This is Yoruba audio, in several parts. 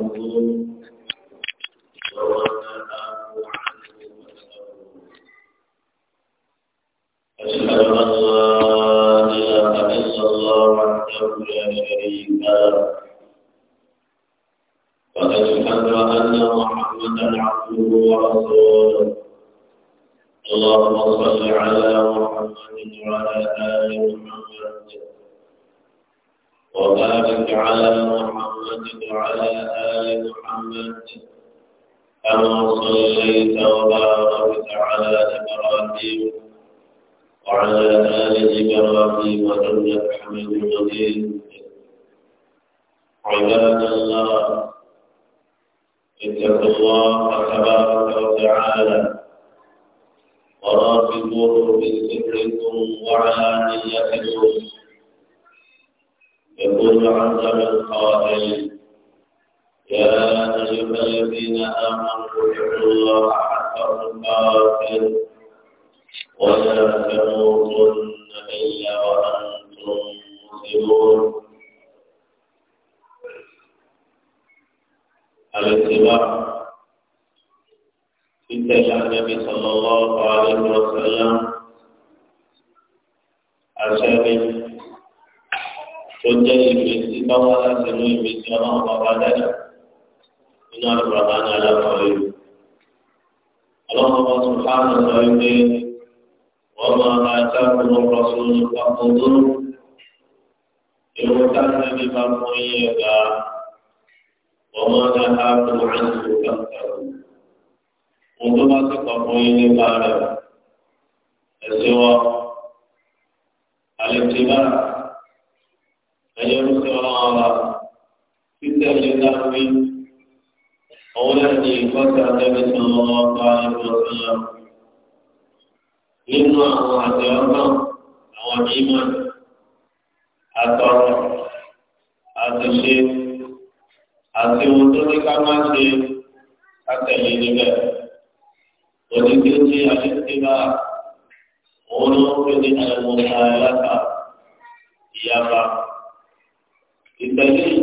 العظيم يعذب قائل يا أيها الذين آمنوا اتقوا الله حق تقاته ولا تموتن إلا وأنتم مسلمون الاتباع اتبع النبي صلى الله عليه وسلم أشهد tó jẹ́ ìgbésí báwa láti mú ìgbésí ọlọ́run bàbá dáadáa nínú àgbà máa ní alákọ̀ọ́lẹ̀. ọlọ́run bá tún fáwọn sọ wípé wọ́n máa bá dákun ọkọ̀ sórí papọ̀ tó ewu táwọn ẹni bá fún yín ẹ̀ka wọ́n máa dá dákun àìsàn kankan. mo tó bá ti kọ̀ yín nípa rẹ̀ ẹ̀sìn wọn. àlejò náà wa títẹ̀lé láwí òun láti ìkọ́ta lẹ́bi tó lọ́wọ́ bá ẹgbẹ́ ọ̀sánlá. nínú àwọn àti ọgbọ́n àwọn mímọ́ àtọ̀rọ̀ àtúnṣe àti ohun tó ní ká máa ṣe kátẹ̀lé níbẹ̀. òdìdí tí a ti bá òun ló ń pè ní àìmọ̀ àyàlá ìyapa ìtẹ̀lé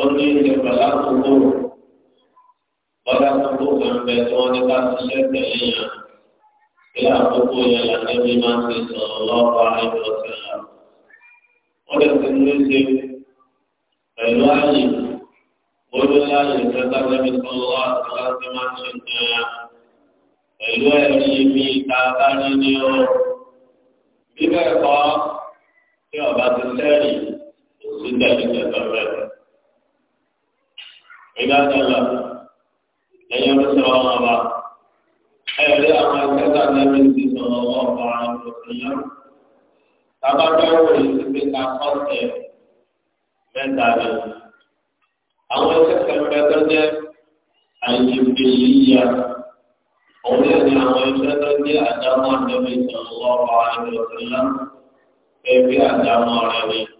ó ní ìṣe pẹ̀lú àkókò bọ́dá àkókò pẹ̀lú tí wọ́n ní ká ṣiṣẹ́ tẹ̀lé yẹn kí àkókò yẹn lànàbí máa ń ṣe sọ̀rọ̀ lọ́wọ́ àìjọ sẹ́lá. wọ́n lè ti ní ṣe pẹ̀lú ààyè bóyá láàyè ìfẹ́ta lẹ́bi sọ̀rọ̀ àti láti máa ń ṣe ìjọyà pẹ̀lú ẹ̀rí mi ìta káyé ọ̀rọ̀ bí bẹ́ẹ̀ kọ́ tí ọba ti sẹ́rìn وسنة للتزرد عباد الله لن يمسر الله أيضا ما كذا النبي صلى الله عليه وسلم تبعوا يسبك خطه من ذلك أول شيء كان بدأ الجبلية أولئك عائشة رضي الله عنها النبي صلى الله عليه وسلم كيف أدام عليه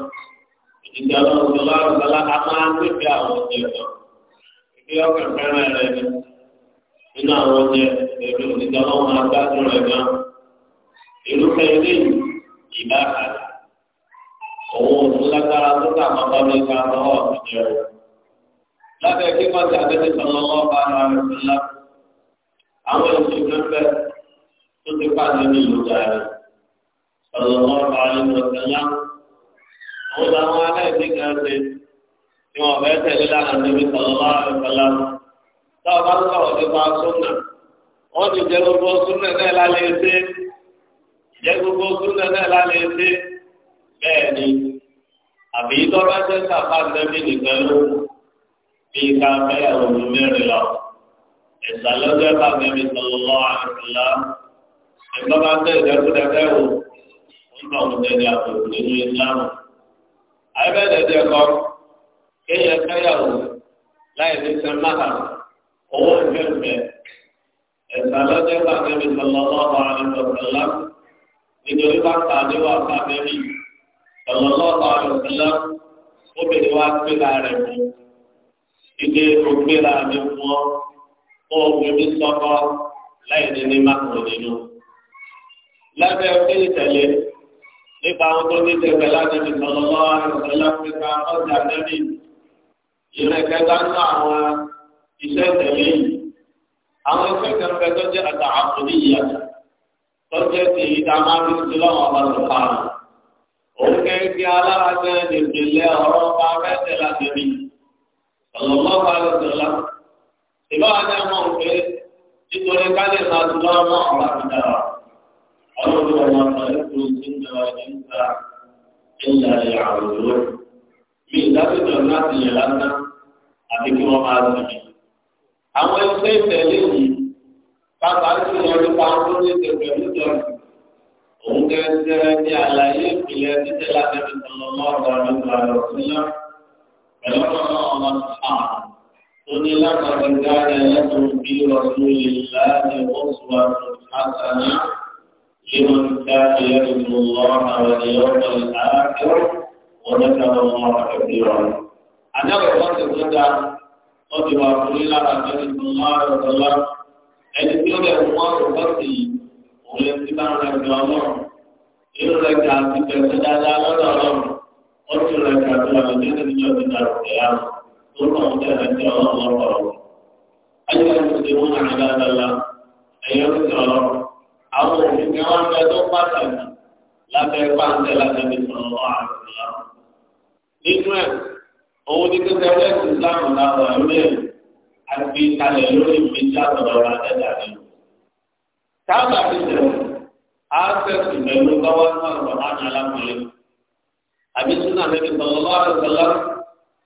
ìjà ọlọ́run tó lọ́rùn lọ́la a máa ń pèpè àwọn oúnjẹ kan ìpè ọkàn fẹ́ràn rẹ nínú àwọn rẹ ilé ìbá òun òun lágbára tó kà máa bá mi ká kí ti bá ara sílá àwọn èsì àwọn ìgbà wọn aláìsí kan ṣe ni wọn fẹẹ tẹ̀lé lánàá níbi sọlọlá ìfọlá tá a bá ń sọ̀rọ̀ nípa súnà wọn ti jẹ gbogbo súnà náà lálẹ́ ẹsẹ jẹ gbogbo súnà náà lálẹ́ ẹsẹ bẹ́ẹ̀ ni àbí tọ́lá ṣe ń sàfà nẹ́bí nìkan ló bí ká fẹ́ òòlù mẹ́rin lọ ìsàlọ́jọ́ bá nẹ́bí sọlọlá ìfọlá ìtọ́lá ṣe ìdẹ́kùdẹ́kẹ́ wò ń bọ̀ wọn tẹ̀lé àbòrò nínú ìsìlámù àbẹ̀dẹ̀dẹ̀ kọ kéèyàn káyàwó láì ní sẹ́máhà owó ìfẹ́fẹ́ ẹ̀sà lọ́jọ́ pàtẹ́bí sọlọ́lọ́wọ́ àlùfọ̀sọ́lá nítorí bá ta níwà pàtẹ́bí sọlọ́lọ́wọ́ àlùfọ̀sọ́lá obìnrin wa gbé la rẹ̀ mú ìdè ògbé la mi mú ọ kó obìnrin sọ́kọ́ láì ní ní mákòó nínú. lábẹ́ òkè ìtẹ̀lé nípa àwọn tó ní tẹ̀sẹ̀ láti fi sọ̀rọ̀ lọ́wọ́ àìsàn láfíríkà ọjà lẹ́mí ìrẹ̀kẹ́ta ń ná àwọn iṣẹ́ tẹ̀lé yìí. àwọn iṣẹ́ kẹfẹ́ tó jẹ́ àtà àkùnrin yìí àtà tó jẹ́ ti ìta máa fi sí lọ́wọ́ ọba tó pa á. òun kẹ́kẹ́ alára jẹ́ ìpìlẹ̀ ọ̀rọ̀ ọba mẹ́tẹ̀ láti rí. ọ̀lọ́mọba ló أول ما خلقت الجن والإنس إلا ليعبدون من ذلك الناس يلانا أتكي ومعازمي àwọn ẹgbẹ́ ìtẹ̀lé yìí pápá tí wọ́n ti pa ọ́n ní ìtẹ̀pẹ̀lú jọ̀ọ́sì òun gẹ́gẹ́ ní àlàyé ìpìlẹ̀ títẹ̀ láti fi tọ̀nà lọ́rọ̀ nípa ọ̀rọ̀ sílá pẹ̀lú ọ̀nà ọ̀nà ṣá tó ní látọ̀rọ̀ gáàrẹ̀ lẹ́tọ̀ọ́ bí ọ̀sùn ìlànà ìwọ̀sùn àtàlá. لمن كان يرجو الله واليوم الآخر وذكر الله كثيرا أنا رفضت هذا قد وقل إلى النبي صلى الله عليه وسلم أن يقول الله رفضتي ولنتبع إذا الله إن لك أن تتسدى لا تدعم قلت لك أن تتسدى من القيامة ثم أتى الله الله أيها المسلمون عباد الله أيها الله àwọn òbí wọn fẹ́ tó pàtàkì lábẹ́ pàǹtẹ́ lábẹ́ bí sọ̀rọ̀ àrùn ìlànà. nínú ẹ̀ òun ní kí tẹ́lẹ̀ ti sáàmù láwọn ẹ̀mí ẹ̀ àti kalẹ̀ lórí ìgbésẹ̀ àtọ̀rọ̀ àtẹ̀dá ni. táàbà ti sẹ̀rọ̀ áṣẹ́sì pẹ̀lú báwa náà sọ̀rọ̀ àná alákùnrin. àbí súnà níbi sọ̀rọ̀ lọ́wọ́ àtẹ̀sọ̀lá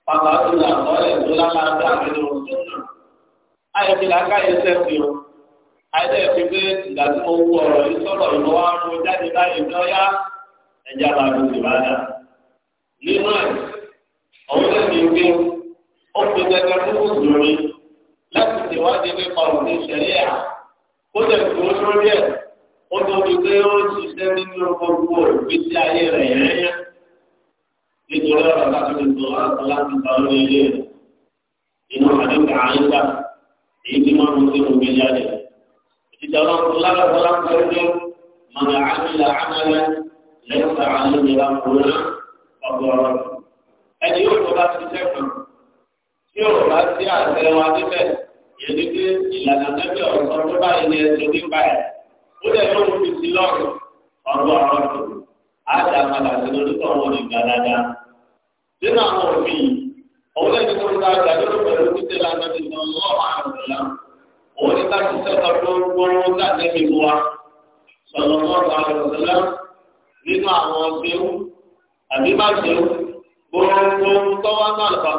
pàpà àtúnlá ọ̀rẹ́ ìdúrà láti àfihàn òṣùnà. àyẹ̀fẹ̀ làákàyè sẹ́fì o ayé ẹ̀ fi pé ìgbà tí mo wú ọ̀rọ̀ yìí sọ̀rọ̀ ìmọ̀ wa mo jáde báyìí ní ọ̀yá ẹ̀já bá mi sì bá dà. nínú ẹ̀ ọ̀hún ẹ̀ fi pé ó fi gẹ́gẹ́ fún òṣèré láti ṣèwádìí nípa òfin ìṣẹ̀lẹ̀ à ó lè fi ó lórí ẹ̀ ó tó fi pé ó ṣiṣẹ́ nínú gbogbo ìgbésí ayé rẹ̀ yẹ́yẹ́ nítorí ọ̀rọ̀ láti fi tó láti láti ta ó lé ilé rẹ̀ inú àdéhùn إذا رب الله فلم يرجو من عمل عملا ليس عليه أمرنا فهو ẹni yóò tó bá ti sẹ́kùn tí yóò bá ti àṣẹ wa pé ìlànà tó bá ó fi sí tó àjà lórí nínú àwọn òfin òun ń ta àjà lórí lánàá ti sọ àrùn bá ti sọ̀tọ̀ tó gbọ́rọ́ sàtẹ́bí mu wa sọ̀rọ̀ mọ́tò àlùsọ̀lá nínú àwọn ṣéwú àbí má ṣéwú gbogbo tọ́wọ́ náà lọ́kà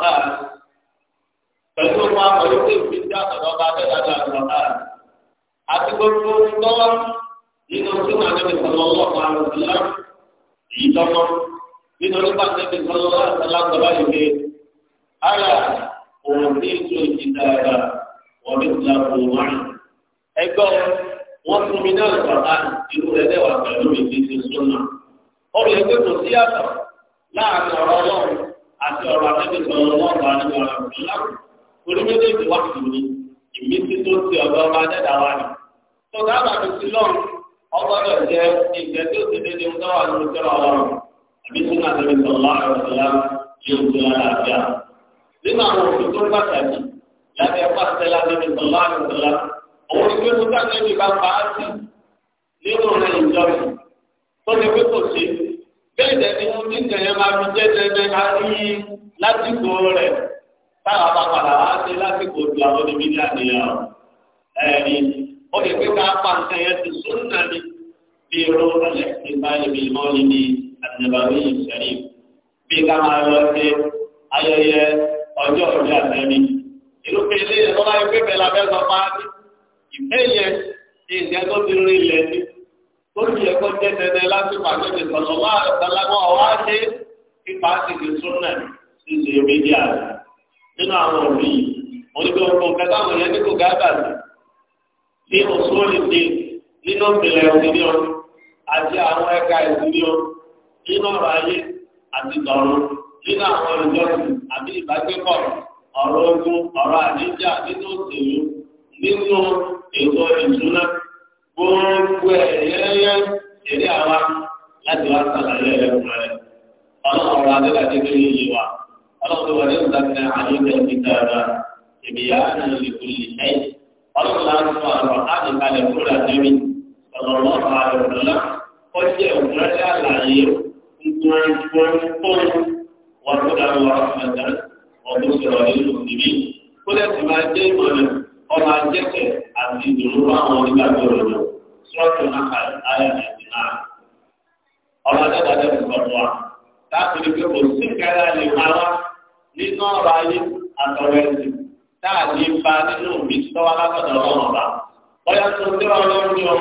pẹ̀lú ọmọ àmọ̀lókè òfin dá ọ̀dọ́ bá tẹ̀ láti àlùsọ̀lá àti gbogbo tọ́wọ́ nínú sínú àtẹ́bí sọ̀rọ̀ ọlọ́kọ̀ àlùsọ̀lá èyí tọ́mọ́ nínú nípa àtẹ́bí sọ̀rọ̀ ọdún ìlà kò márùn. ẹgbẹ́ wọn fún mi náà lọ́wọ́ irú rẹ̀ lẹ́wà pẹ̀lú mi ti ti súnmọ́. ọ̀rọ̀ ẹgbẹ́ kò sí yàtọ̀ láàrin ọ̀rọ̀ ọlọ́run àti ọ̀rọ̀ àtẹ́gbẹ́ sọ̀rọ̀ ọlọ́run àti ọ̀rọ̀ àbùdá. onímọ̀lẹ́gbẹ̀ wá sí mi tó ti ọ̀dọ́ ọba ni. tọ́ka àbàtì lọ́run ti lábẹ́ pàṣẹlá níbi sọ̀lá àgbẹ̀sọ̀lá òun ìgbé musa níbi bá pa á sí nínú rẹ̀ ìjọba tó lè pé kò sí bẹ́ẹ̀ dẹ́ni mo ti tẹ̀yẹ́ máa fi jẹ́ tẹ́tẹ́ ká rí lásìkò rẹ̀ táwa bá padà wá sí lásìkò ju àwọn níbi ní àdéhùn ẹ̀rí ó lè pé ká pàṣẹ yẹn ti sún náà ní bí irú ọ̀lẹ́ nípa ibi ìmọ̀lẹ́ ní àtẹ̀bàwí ìṣẹ̀rí bí ká máa lọ sí ayẹyẹ ọjọ́ ìbí àtẹ̀mí ìlú kejì ìtọ́lá ẹgbẹ́ bẹ̀rẹ̀ lábẹ́ sọ pàdé ìfẹ́ yẹn ní ìjẹ́ tó ti rí ilẹ̀ ní tó ti yẹ kó jẹ́ tẹ́tẹ́ láti pàṣẹ ti sọ̀rọ̀ wá àtàlágbọ́n ọ̀wá ṣe pípa ti di súnà ti ṣe méjì àná nínú àwọn òbí onígbà òkun kẹta àwọn yẹn ní kò gáàbà sí ní òṣùwọ̀n ti nínú ìpìlẹ̀ òdìdí àti àwọn ẹ̀ka ìdílé nínú ọ̀rọ̀ ayé àti tọ̀run nínú àwọn ìjọsìn àbí ìbágbépọ̀ ọ̀rọ̀ ogun ọ̀rọ̀ àdíjà nínú òṣèlú nínú ètò ìṣúná gbogbo ẹ̀ yẹ́yẹ́ àwa láti wá sàlàyé ẹ̀kọ́ rẹ̀ ọlọ́run wa àyíká èmi fúnra ọ̀rọ̀ ọ̀rọ̀ ọdún sọ̀rọ̀ nínú ìbí kó lẹ́sìn máa jẹ́ ìmọ̀nà ọmọ ajẹ́kẹ̀ àti ìdùnnú àwọn onígbàgbọ́ òdodo sọ́ọ̀tù náà àyà nàìjí náà. ọmọ ajẹ́kẹ̀ àti ìkọ̀tù wa láti rí pé kò sí kẹ́lá lè máa wá nínú ọ̀rọ̀ ayé àtọ̀rọ̀ ẹ̀sìn táà ní ba nínú òbí tọ́wọ́ látọ̀dọ̀ ọlọ́run ọba. bọ́yá tó ń tẹ́wọ́ ọlọ́run ní ọ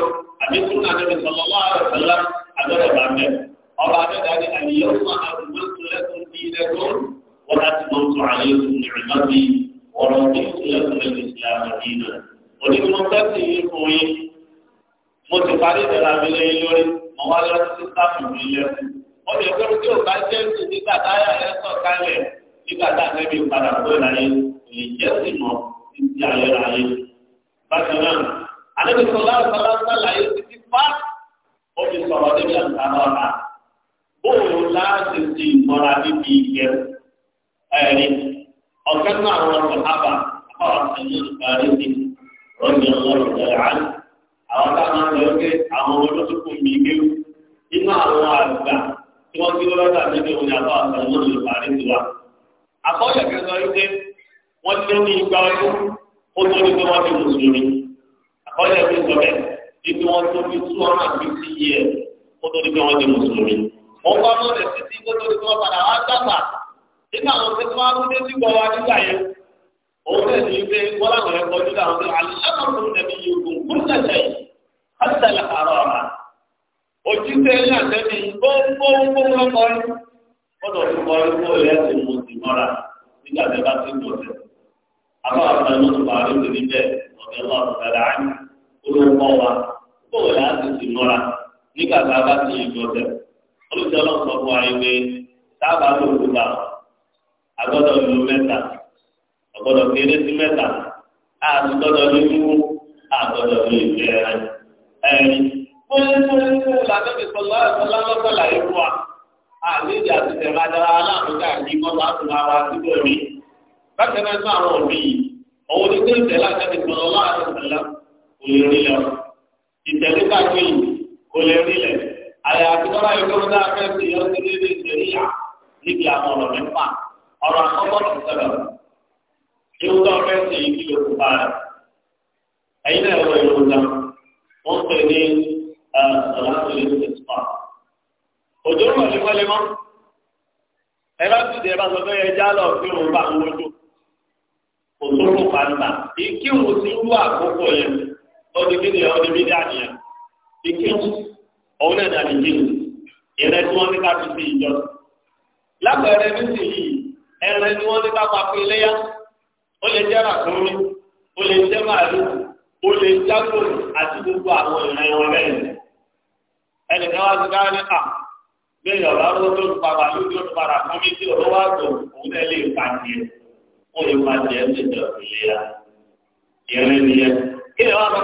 وأتممت عليكم نعمتي ورضيت لكم الإسلام دينا ولكم تأتي إخوي متفاري دلامي ليلوري موالي سيستام ميلة wọ́n lè gbẹ́rù tí o bá jẹ́ ní nígbà táyà rẹ̀ sọ̀ kálẹ̀ nígbà tá a fẹ́ bí padà tó láyé lè jẹ́ sí mọ́ títí ayé láyé. bákan náà alẹ́bíkọ́ lásán sàlàyé títí fá ó fi sọ̀rọ̀ níbi àtàwọn ẹ̀rí ọ̀kan náà wọn kò hábà àwọn ìparí ti rọ́bì ọlọ́run rẹ̀ án àwọn táwọn ń lọ nínú àwọn tí wọ́n mú dé síbọ̀ wá nígbà yẹn òun náà ní pé wọ́n láwọn ẹ̀ kọjú láwọn pé alákọ̀ọ́kùnrin nàbí yòókùn kún lẹ́sẹ̀ yìí àtàlà àrọ̀ ọ̀la ní kọrin tó kó mú nígbà tí bá ti àbá tó wa kó nígbà tí a bá ti agbọ́dọ̀ lu mẹ́ta agbọ́dọ̀ kéré sí mẹ́ta àgbọ́dọ̀ lu ìwú àgbọ́dọ̀ lu ìfẹ́ rẹ ẹni. fúnfúnfún lànà ìsọlá ìsọlá lọ́sọ̀lá ìlú wa àlejò àti tẹ̀lé adára aláàbò káàkiri mọ́tò àtúnwá wa síbò rí. bákan náà sọ àwọn òbí yìí òun ní kéwì tẹ̀lé àti ìsọlá ìsọlá kò lè rí lọ. ìtẹ̀lé káàkiri kò lè rí lẹ̀ àyà àti tọ́lá ìkọ́ńdà fẹ́ẹ́ fi yọ sí níbi ìṣẹ̀lẹ̀ níbi àwọn ọ̀rọ̀ mẹ́fà ọ̀rọ̀ àkọ́kọ́ tó sọ̀rọ̀ ewu tó ọ̀fẹ́ sì yí kílò kó bá rẹ̀ ẹ̀yin náà wọ ìlú náà wọ́n pè ní ọ̀làǹtò lè ṣe spa òjò ń wọlé wọlé mọ́ ẹ bá tún jẹ ẹ bá sọ pé ẹ já lọ sí òun bá ń wọjọ kò tó kó pàǹtà ìkíwò sí wú àkókò yẹn lọ́dún kí ni ọdún bí dáa nìyẹn ìkíwò ọ̀hún náà dàbí kíwò ìrẹsì wọn ní ká fi sí ìjọ lápẹẹrẹ nísìnyí ẹrẹ ni ndị ní ká pa pé léyà ó lè jẹ́ o ó lè o màálù ó lè àti gbogbo àwọn ìran ẹran ní ló tó tó tí tó òun lè ó lè ìrìn nìyẹn kí ni bá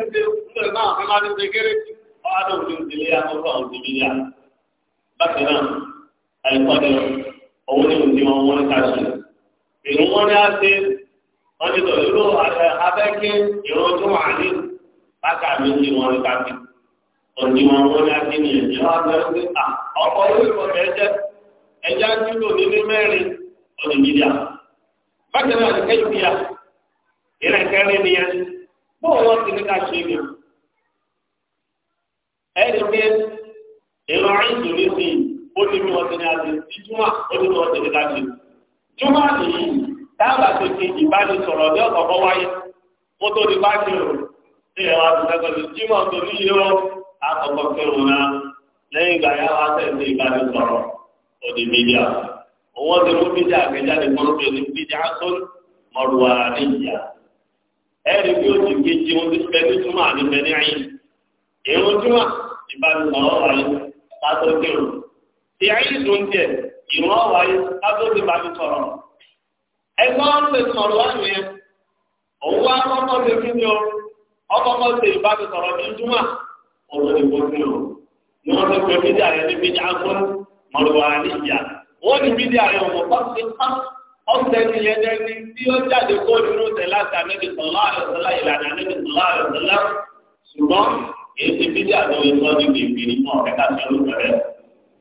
ẹni ṣe náà fún ṣe kéré á ti léyà tó fún alikọdọ òun ni òdi wọn wọn ká ṣe ìrún wọn ni a tó wà ní mi ti wọn ká ṣe òdi wọn wọn ni a ṣe ní ẹ̀jẹ̀ wọn bẹ ṣe à ọkọ yóò wọ náà wọn ti mi ó ní bí wọ́n ní adé tí júmọ̀ ó ní ní di ní tó ní yé wọn kẹrù ìgbà yà wá mídíà ti mú mídíà ní mídíà tó níyà bí ti ti ìyáyí ìdóńjẹ ìwọ́n wáyé bá ti wọn ti òun wá o ọkọ̀kọ́ ṣe ìbánisọ̀rọ̀ ní júmọ̀ òun ni kò o ni wọ́n ti pè mídíà rẹ ní mídíà gbọ́n mọ̀lúwà ní ìyá wọ́n ní mídíà rẹ pa yẹn tí ó jáde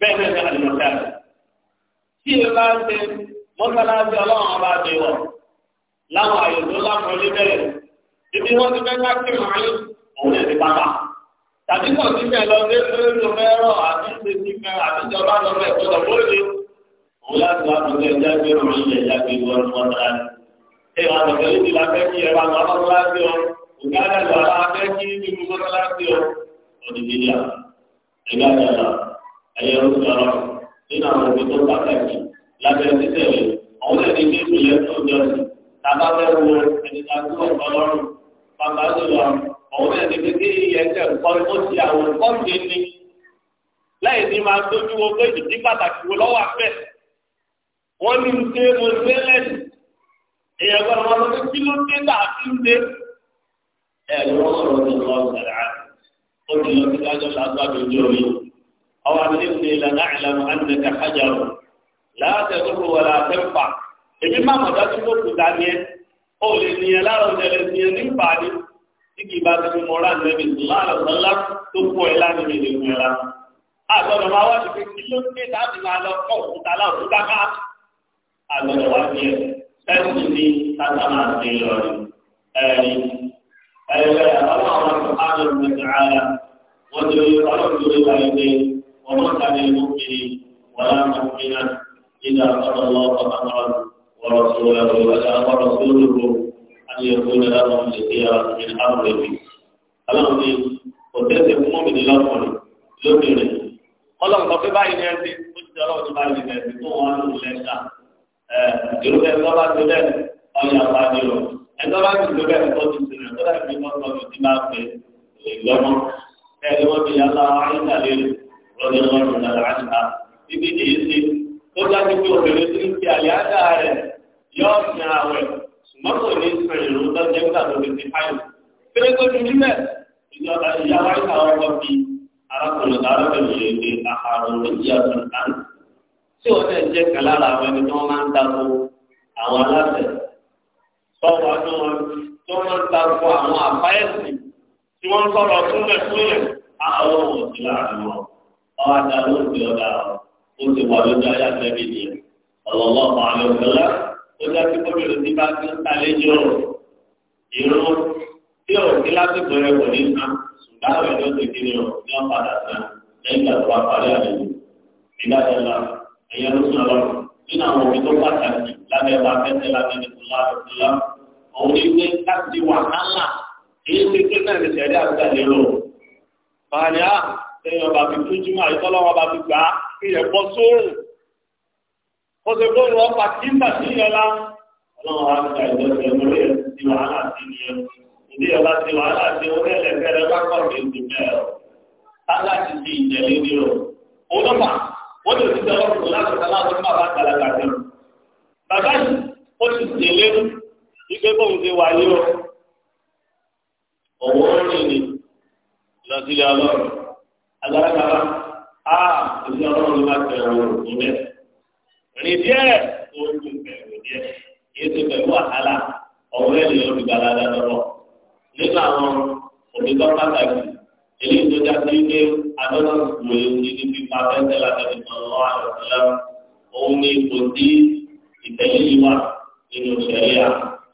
bẹ́ẹ̀ bẹ́ẹ̀ bẹ́ẹ̀ àdìmọ̀tà tí ẹ bá ń ṣe mọ́sálásí ọlọ́run ọba ti wọ̀ láwọn àyè tó láwọn ilé bẹ̀rẹ̀ ibi wọ́n ti fẹ́ ká kí màálù òun ẹ̀ ti pápá tàbí kò sí fẹ́ lọ sí ẹgbẹ́ ló fẹ́ rọ àti ṣe ti fẹ́ àtijọba lọ fẹ́ tó lọ bóyá òun láti wá tó fẹ́ jáde òun ilẹ̀ jáde wọ́n mọ́sálásí ẹ wà lọ fẹ́ níbi láfẹ́ kí ẹ wà ọ ògá àdàlọ́ àfẹ́ kí níbi ẹ̀yẹ orúkọ nínú àwọn òbí tó pàtàkì lábẹ́ títẹ̀lé àwọn ẹni tí ìpìlẹ̀ tó jọ sí tábà fẹ́ wo ẹni tá a tó ọ̀pọ̀ lọ́rùn pàpà jùlọ àwọn ẹni tí kí ẹsẹ̀ kọ́ ó ti àwọn kọ́ọ̀tì ni láì ní máa tójú wo pé ìdí pàtàkì wo lọ́wọ́ àfẹ́ wọ́n ní ń ṣe mo ṣe lẹ́nu èèyàn gbọ́dọ̀ wọn lọ sí kí ló dé tà á ń dé ẹ̀ lọ́wọ́ sọ̀rọ̀ ní ọ̀gá ó ti lọ sí dájọ́ ṣáájú àbẹ̀jọ́ yìí. أو أن إني لنعلم أنك حجر لا تضر ولا تنفع èmi máa mọ̀ dájú tó kù dání ẹ ó lè ní ẹ lára ọ̀dẹ̀lẹ̀ ní ẹ nípa ni tí kì í bá ti fi mọ ọ̀rá ìlú ẹ̀mí lára ọ̀dọ́lá tó kú ẹ láti mi lè mú ẹ ra. àgbọ̀dọ̀ máa wá síbi kí ló dé láti máa lọ kọ́ òkúta láwùjọ káká. àgbọ̀dọ̀ wá sí ẹ ẹ̀sùn ní tata máa ti lọ rí ẹ̀rí ẹ̀rẹ̀ àwọn àwọn àlọ́ ìgbẹ̀sẹ̀ ara wọ́n ti rí ọlọ́run lórí wa ẹgbẹ́ ومكر للمؤمنين ولا مؤمنا إذا قضى الله أمرا wọn lù lẹsà ẹ ìrúbẹ ọdún ọdún náà láàánú ibi ní ìsìn tó dájú pé obìnrin tí ń fi àlẹ́ àdá rẹ̀ yọ ọ̀sìn àwẹ̀ ṣùgbọ́n kò ní sọ ìrù lọ́jọ́ nígbà tó fi ti fáyò péré tó ti nílẹ̀ ìjọba ìyá wáyé àwọn ọkọ̀ fi arákùnrin arábìnrin yìí ní àhàrò ìyá tuntun tí wọ́n náà jẹ́ kan lára àwọn ẹni tí wọ́n máa ń dako àwọn aláṣẹ sọ́wọ́ ọdún wọn wọ́n máa wọ́n ọwọ́ adarí ó ti ọ̀dà ó ti wà lójú ayé àtẹ́bí ni ọ̀lọ́lọ́ àlọ́ ìfẹ́lá ó jẹ́ kí gómìnà ti bá ti ń talẹ́jọ́ ìró tí ò kí lásìkò rẹ̀ kò ní sàn ṣùgbọ́n àwọn ẹ̀dọ́ ti kiri ọ̀ ní ọ̀padà sàn lẹ́yìn ìgbà tó wà parí àlejò ìdájọ́lá ẹ̀yẹ ló sùn lọ́rùn nínú àwọn òbí tó pàtàkì lábẹ́ wa fẹ́sẹ̀ lábẹ́ ẹ̀yìn ọba fi tójú máa yìí tọ́lọ́wọ́ ọba fi gbà á kí yẹn bọ́ sóòrùn ó ṣe kó lọ pa kí n bà sí yẹn lá ọlọ́run á gba ìjọsìn ẹ̀mọ́ rẹ̀ ti wàhálà sí nìyẹn ìdí ọba ti wàhálà sí orí ẹ̀lẹ́fẹ́ rẹ̀ bá kọ̀ ní ìdí mẹ́rọ aláàtì ti ìjẹ̀lẹ̀ ní o olófà ó lè ti tẹ́wọ́ fún láti tẹ́lá tó má bá kàlàkà jẹ bàbá yìí ó ti jẹ̀lẹ̀ ìgbé bóun ti wáyé o òun ó rìn ní lọ sílé ọlọ́run agbára a òbí ọlọ́run ló máa tẹ̀wọ̀ òkú rẹ̀ rìn díẹ̀ ojú bẹ̀rù díẹ̀ yìí ti bẹ̀rù wàhálà ọ̀rọ̀ ẹ̀ lè lórí balada lọ́wọ́ nínú àwọn òbí tó pàtàkì èyí tó já sí pé adọ́nà ìwé ní pípa fẹ́sẹ̀ látẹ̀lẹ́ kan lọ́wọ́ àlọ́sílá òun ní ipò tí ìtẹ̀lé yìí wà nínú ìṣẹ̀lẹ̀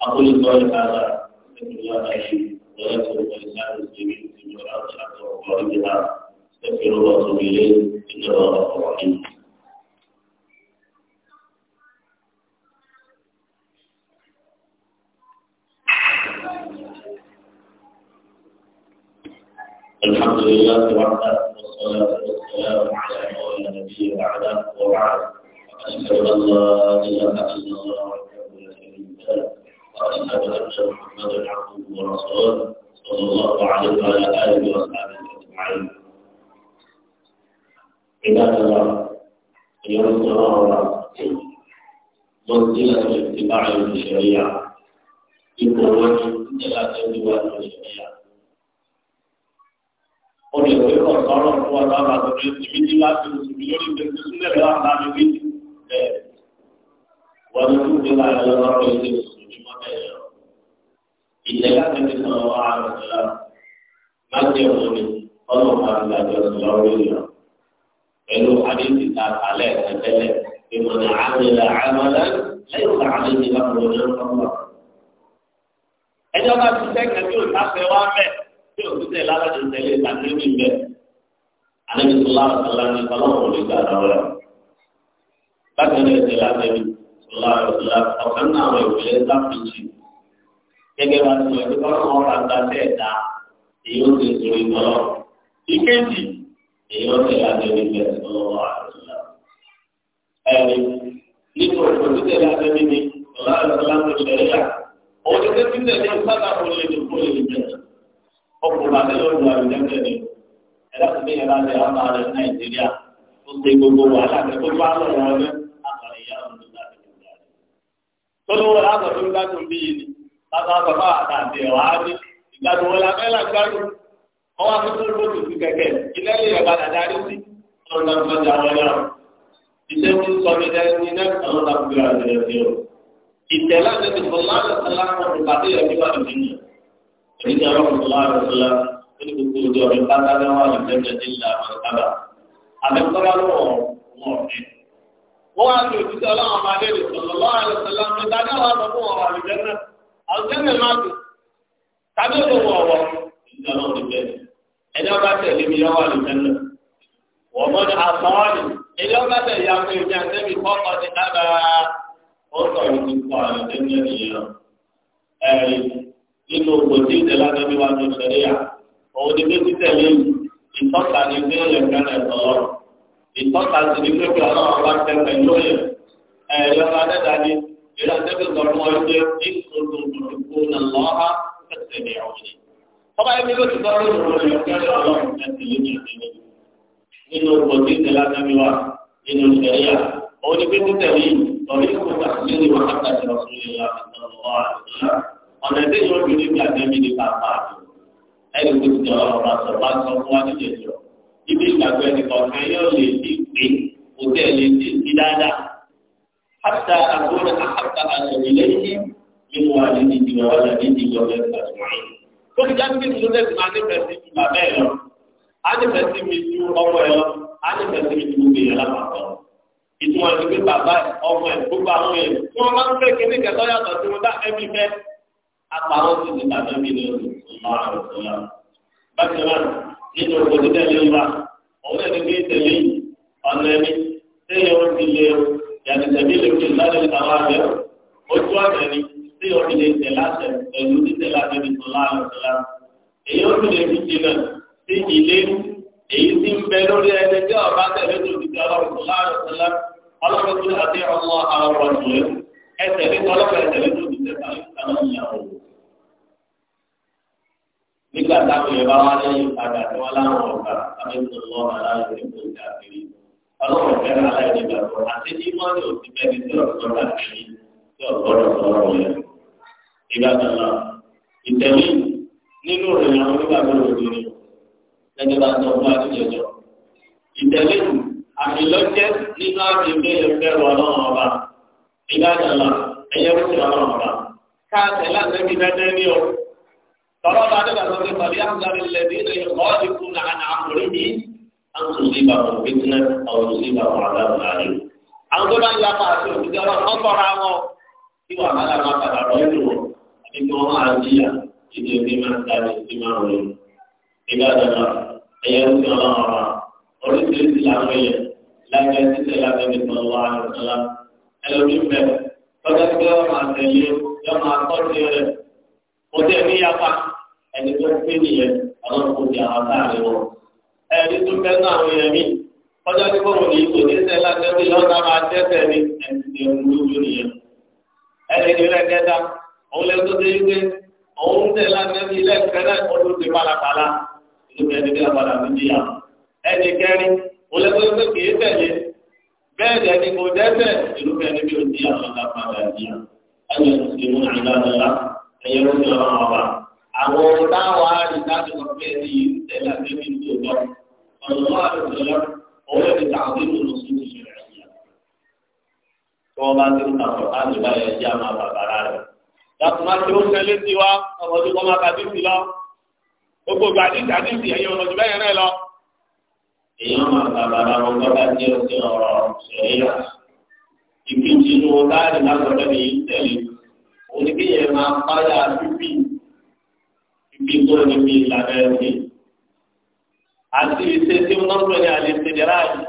àkólítọ́ ìtajà ìpínlẹ̀ ọ̀dà yìí lọ́wọ́ tó ń bọ̀ ìṣàkóso ìgbìmọ̀ àwọn ìṣàkóso ọ̀gbọ̀n ìjọba. استغفر الله واتوب اليه انه غفور رحيم الحمد لله وحده والصلاه والسلام على مولى النبي وعلى اله الا الله وحده لا شريك وعلى اله وصحبه اجمعين عباد الله يرد الله منزلة الاتباع للشريعة يكون ثلاثة جوانب الشريعة olùdókè ọ̀sán ọ̀rọ̀ fún ọ̀sán àbàtọ̀ rẹ̀ ti bí ní láti mùsùlùmí lórí ìgbésí sílẹ̀ lọ́wọ́ láti wí wọ́n ní fún ìgbésí láti lọ́wọ́ ọ̀rọ̀ ìdí mùsùlùmí mọ́ bẹ́ẹ̀ lọ. ìjẹ́ láti fi sọ̀rọ̀ wá àrùn sílá má jẹ́ pẹ̀lú hadithi ta alẹ́ ẹ̀tẹ́lẹ̀ ìmọ̀nà àmìlẹ̀ àmàlẹ́ lẹ́yìn tá àdéhùn ìlà òun ló ń sọ́kọ̀. ẹjọ́ bá ti sẹ́kẹ̀ tí ò sáfẹ́ wá mẹ́ tí ò sísẹ̀ lálẹ́ tẹ̀lé ìtàkì mi bẹ́. àdéhùn sọlá ọ̀sọ̀lá ní ọlọ́run lè gbà lọ́wọ́ rẹ̀. bákan náà ẹ̀sẹ̀ láti ẹni sọlá ọ̀sọ̀lá ọ̀kan náà àwọn ìwé sáfìjì. gẹ́gẹ́ bá ti sọ ìdíkọ́ èyí ó tẹ̀lé àtẹ̀lé bẹ̀ lọ́wọ́ àtúnṣe. ẹ̀rí nípa òṣèlú tẹ̀lé àtẹ̀lé ni ọ̀la àtúnṣe ló ṣẹlẹ̀ yà. òṣèlú tí tẹ̀lé sábà kò lè kó lè dùn. ọkùnrin àtẹ̀lé òṣèlú àbíjẹ́ńtẹ̀ ni ẹ̀rọ ti ní ìlànà nàìjíríà gbogbo ọwọ́ akókó lóòtù sí kẹ̀kẹ́ ilé ilé ẹ̀bá dàda rí sí ọ̀nà ìgbàdà àwọn yàrá ìṣe ń sọ ní ẹni ní náà àwọn àgbẹ̀ àgbẹ̀ rẹ̀ o ìtẹ̀lá ní ìfọ̀n máa lọ sí láwọn ìpàdé yẹn ní wàá nìyí èyí ni àwọn ìfọ̀n máa lọ sí lá ní gbogbo ojú ọ̀rẹ́ pátá ní wàá nìyẹn ní ẹni ìlà àwọn ìpàdà àbẹ̀kọ́lá lọ́wọ́ wọn ọ̀fẹ́ wọ́n wá sí òtítọ́ ọlọ́run máa lé ìfọ̀n lọ́wọ́ àlọ́sọ̀lá ní dáná wàá lọ fún ọ̀rọ̀ àlùjẹ́ náà àlùjẹ́ náà má dùn tàbí òṣèwọ̀ ọ̀wọ̀ ìjọba òṣèlú ẹni ọba tẹ̀lé mi lọ́wọ́ àlùjẹ́lẹ̀ wọ́n mọ́ ní àtọ́ọ̀lì ẹni ọba tẹ̀lé àwọn èmi àtẹ́bí kọ́kọ́ ti dábàá ó sọ̀rọ̀ ti kọ́ àlùjẹ́lẹ̀ nìyẹn ẹ̀rí nínú ògbò tí ìtẹ̀lá tẹ́bí wa tó ṣẹlẹ̀ yà òun ni pé títẹ̀lé ìtọ́ta ni pé ó yẹ fẹ́rẹ̀ sọ̀rọ̀ ìtọ́ta sì ni pé kí ọlọ́run bá tẹ pẹ̀lú yẹ ẹ̀rí ọba ni ìlànà tẹ́bí sọ̀rọ̀ wọn ṣe ní kòtò ọba ẹni ló ti bá lórí ọ̀rọ̀ rẹ̀ kí ẹ̀rọ ọlọ́run náà ti lé ní ìdílé nínú ọgbọ̀n tí ìtẹ̀ lásánmi wà nínú ìṣẹ̀yà òun ni pé títẹ̀lé lọ́rí ìkọ̀kọ̀ tàbí ní wàhálà ti lọ sí ilé ọ̀nà tí yóò fi níbi àtẹ́bí ní pàpà ẹni tó ti jọ ọ̀rọ̀ bá sọ bá sọ fún wa ní ìjẹ̀jọ́ ibi ìgbàgbọ́ ẹni kọ̀ọ̀kan yóò lè ti pé kò tẹ̀ lè ti ti dáadáa hàtà àgbọ̀n àhàtà àṣẹ̀lẹ̀ lẹ́yìn nínú àlejò ìjọba àlejò ìjọba ẹ̀ka ìwọ̀nyí tó ti jáde bíi lóṣèlú máa nífẹ̀ẹ́ sí ju bàbá ẹ̀ lọ á nífẹ̀ẹ́ sí mi ju ọmọ ẹ̀ lọ á nífẹ̀ẹ́ sí mi ju gbogbo èèyàn lápapọ̀ ìtumọ̀ ẹni pé bàbá ẹ̀ ọmọ ẹ̀ gbogbo àwọn èèyàn tí wọ́n máa ń fẹ́ kíní kẹtọ́ yàtọ̀ sí wọn bá ẹbí fẹ́ apàrọ̀ sí ti bàbá mi lọ sí ọmọ àrùn sọlá bákan náà nínú òkòtò tẹ̀lé wa الذين يخالفون عن امره ان تصيبهم فتنه او يصيبهم عذاب عليم àwọn tó bá ń yapa àti òkúta wọn kọ́ bọ̀ra wọn kí wọn bá lára padà lọ́yìn wọn àti kí wọn máa jìyà ìdí òbí máa ń ta ní ìdí máa ń rìn. ìgbà dàgbà ẹ̀yẹ ń fi ọlọ́run ọ̀rọ̀ oríṣiríṣi làwọn èèyàn lábẹ́ títẹ̀ lábẹ́ nìkan wà lọ́sọ́lá ẹlòmí mẹ́ tọ́jà tí wọ́n máa tẹ̀lé yọ máa tọ́jú rẹ̀ mo tẹ̀ ní yapa ẹni tó ń pè nìyẹn ọlọ́run kò di àwọn táàrí wọ. ẹni tó fẹ́ náà àwọn yẹn mí ọjọ́ tí kò wò ní ìtò níṣẹ́ láti ẹbí lọ́dà máa tẹ́sẹ̀ ní ẹni tí ó ń lójú nìyẹn. ẹni tí rẹ̀ kẹta òun lè tó déyí pé òun tẹ̀ láti ẹbí ilé ẹ̀kẹ́ náà ó tó ti pálapàla ìlú ẹni tí àpàdà ti di yàrá. ẹni kẹrin òun lè tó tó kì tẹ̀lé bẹ́ẹ̀ ẹni kò dẹ́sẹ̀ ìlú ẹni tí ó di àwọn àpàdà di yàrá. ẹni tí àwọn táwa rí láti sọ pé ẹni yìí ń tẹ̀lé àtẹ́bí ní òótọ́ ọ̀nà náà ló ti lọ òun ẹ̀mí ta àwọn ìlú lọ sí ìṣẹ̀lẹ̀ ẹ̀yà. tí wọ́n bá ti ń ta ọ̀rọ̀ láti bá yẹn jẹ́ àmà bàbára rẹ̀. yàtọ̀ máa ti ó ṣẹlẹ̀ sí wa ọmọ tó kọ́ máa ka dìbì lọ gbogbo ìgbà ní ìjà dìbì ẹ̀yìn ọmọ jù bẹ́yẹn náà lọ. èèyàn máa bàbára wọn bá bá jẹ́ ọ̀sẹ̀ ọ̀rọ̀ ṣẹ̀yà bí tó ní bí ìlànà ẹ̀sìn. àti ìṣe tí wọ́n ń pèlè àlè ìṣèjọba yìí.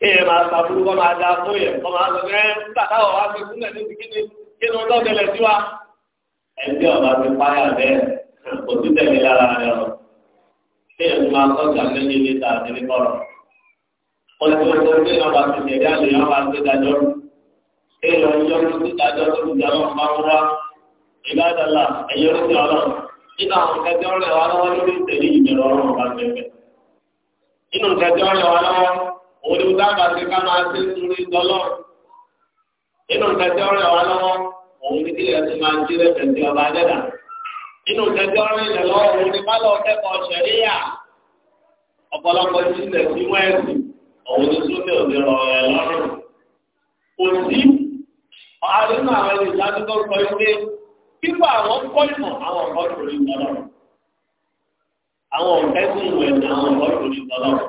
kí ẹ máa sàbúrú kọ́ máa dáa fún yẹn kọ́ máa sọ pé ẹ ń tàkà wà wá sí sílẹ̀ ní kíni kí ni wọ́n tọ́jú ẹlẹ́sìn wa. ẹgbẹ́ ọ̀la ti páyà bẹ́ẹ̀ kò sí tẹ̀lé lára rẹ̀ ọ̀ kí ẹ máa tọ́jà méjì ní tàbí ní kọ́rọ̀. ọ̀sẹ̀ ọ̀sẹ̀ tí wọ́n bá ti tẹ̀lé àlè ìbádàlá ẹ̀yẹ ló ti ọlọ́run nínú àwọn nǹkan tí wọ́n rẹ̀ wá lọ́wọ́ lórí ìtẹ̀lé ìbẹ̀rẹ̀ ọlọ́run bá bẹ̀rẹ̀ nínú nǹkan tí wọ́n rẹ̀ wá lọ́wọ́ òun ni wọ́n dábàá sí ká máa ṣe nítorí ìtọ́lọ́run nínú nǹkan tí wọ́n rẹ̀ wá lọ́wọ́ òun ni kílẹ̀ ti máa ń jí lẹ́sẹ̀ sí ọba adẹ́dà nínú nǹkan tí wọ́n rẹ̀ lọ́wọ́ òun ni pálọ̀ kẹ́kọ̀ọ́ ṣẹ̀ríyà ọ̀pọ̀lọpọ̀ Bíbá àwọn kọ́ àwọn ọ̀kọ́ ìròyìn ìtọ́lọ́rọ̀. Àwọn ọ̀kẹ́kùn ìwẹ̀ àwọn ọ̀kọ́ ìròyìn ìtọ́lọ́rọ̀.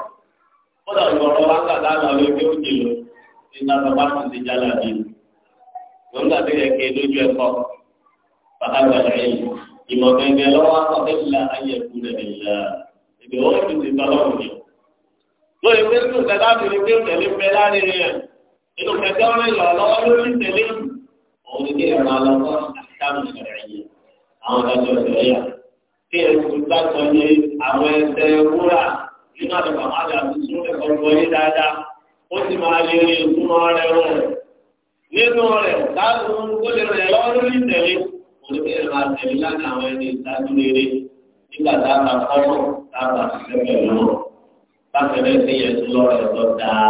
Kọ́dà ìwọ̀rọ̀ wá kàdá lọ lé pé ó ti lò nígbà bá ti di jálá bí. Lọ́gbà tó yẹ kí lójú ẹ̀kọ́ bàbá gbàgbà yìí. Ìmọ̀ gẹ́gẹ́ lọ́wọ́ akọ̀kẹ́lá ayẹ̀kú rẹ̀ nìyà. rẹ̀. Inú kẹ̀kẹ́ àkàmù ṣẹ̀rẹ̀yẹ àwọn ìdájọ́ ṣẹ̀rẹ̀yà kí ẹ̀sùn gbàgbọ́ ní àwọn ẹsẹ̀ wúrà nínú àdàbà àdà tuntun ẹ̀kọ́ wọlé dáadáa ó sì máa lè rí ìtumọ̀ rẹ̀ rọ̀ nínú rẹ̀ láàrún kó lè rẹ̀ lọ́wọ́ lórí ìtẹ̀lé olùkẹ́ máa tẹ̀lé láti àwọn ẹni ìdájú rere nígbà tá kọ́mọ̀ tá a bá ṣiṣẹ́ pẹ̀lú wọn bákan lọ́rọ̀ ẹ̀tọ́ dáa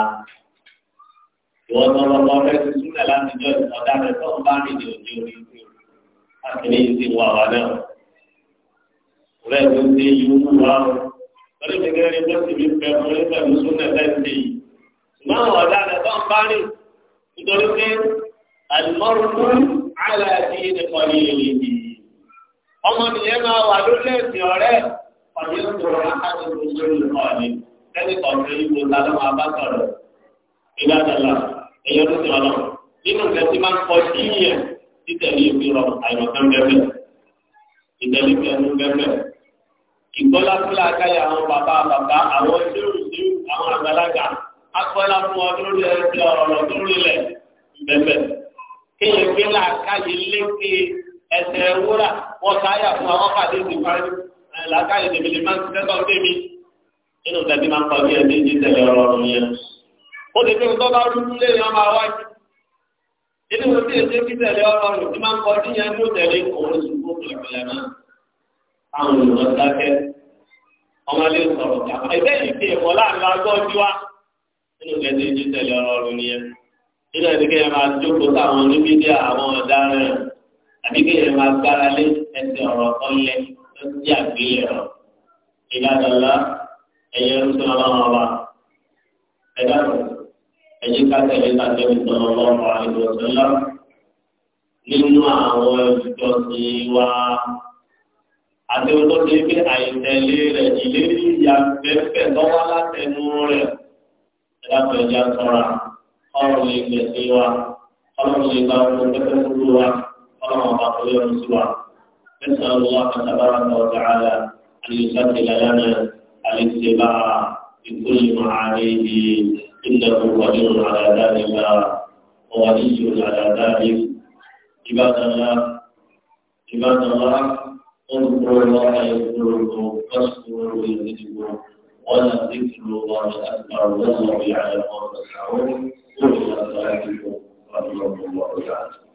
ìwọ́n tó lọ́kọ́ ti àtìlẹ́ yìí ti wà wà náà rẹ̀ ló ti yíwú wá lórí gẹ́gẹ́ rí bọ́sì mi fẹ́ fún mi pẹ̀lú súnà lẹ́sìn yìí ṣùgbọ́n àwọn ọ̀dà rẹ̀ bá ń bá rìn nítorí pé àlùmọ́rùkú àlàyé nìkan ní èyí ni ọmọ nìyẹn máa wà lórí ẹ̀sìn ọ̀rẹ́ ọ̀dẹ́ ń sọ̀rọ̀ láti ló lórí ìkọ́ni lẹ́ni kọ̀ọ̀kan ibo lálẹ́ máa bá sọ̀rọ̀ ìdádàlà ẹ̀yọ́ ló ti wà lọ nínú ìrẹsì títẹ̀lé ìwé rọrùn àìrọ̀kán bẹ́ẹ̀ ìtẹ̀lé pẹ̀lú bẹ́ẹ̀ ìgbọ́lá fúlà káyà àwọn bàbá bàbá àwọn ìṣòro ìṣòro àwọn àgbàlagbà akọ́lá fún ọdún lórí ẹgbẹ́ ọ̀rọ̀ lọ́dún rílẹ̀ bẹ́ẹ̀ kéèyàn gbé làákàyè lékè ẹsẹ̀ wúrà wọ́n sáyà fún àwọn pàdé ìdìbọn làákàyè tèmílẹ̀ máa ń tẹ́tọ̀ tèmi nínú tẹ́tí máa ń kọ́ bí ẹni ìdí tẹ̀lé ọ̀rọ̀ ọ̀rọ̀ yẹn. ó ti fi nínú wọn tí èsì kí tẹ̀lé ọ̀rọ̀ rẹ̀ tí máa ń kọ́ sí yẹn tó tẹ̀lé òun ṣùgbọ́n pẹ̀lẹ́pẹ̀lẹ́ náà àwọn olùwọ́n dákẹ́ ọmọ ilé sọ̀rọ̀ kà ẹgbẹ́ yìí ti ẹ̀kọ́ láàrin agbọ́ ojú wa nínú kẹsì èsì tẹ̀lé ọ̀rọ̀ ni nìyẹn nínú ẹni kẹyìn máa jókòó sáwọn oníbídíà àwọn ọ̀daràn àbí kẹyìn máa gbára lé ẹsẹ̀ ọ̀rọ̀ ọ̀lẹ tó ti àgbélẹ̀ rọ̀ ìlànà ẹ̀yẹ ń sọ ọlọ́run ọba ẹ̀dá ẹ̀jẹ̀ káṣẹ̀ ẹ̀jẹ̀ káṣẹ̀ mi sọ̀rọ̀ lọ́wọ́ àìsàn ọ̀sẹ̀lá nínú àwọn ẹ̀jọ́ sí wa àti ohun tó ṣe pé àìtẹ̀lé rẹ̀ ìlérí ìyá fẹ́fẹ́ lọ́wọ́ látẹnu rẹ̀ ẹ̀dàpọ̀ ẹ̀jẹ̀ sọ̀ra ọ̀rọ̀ lè gbẹ̀ sí wa ọ̀rọ̀ lè gba ọ̀rọ̀ pẹ́pẹ́ fúru wa ọ̀rọ̀ ọ̀bà tó yẹ kó sí wa ẹ̀sán ọ̀rọ̀ àtàbára ọ̀gá àlà àlè ìṣàkè lálẹ́ àlè ìṣèlá ìkólé màá rí i. إنه قدير على ذلك وولي على ذلك عباد الله عباد الله اذكروا الله يذكركم واشكروا يزدكم ولذكر الله أكبر والله على ما تسعون قل إلى صلاتكم رحمه الله تعالى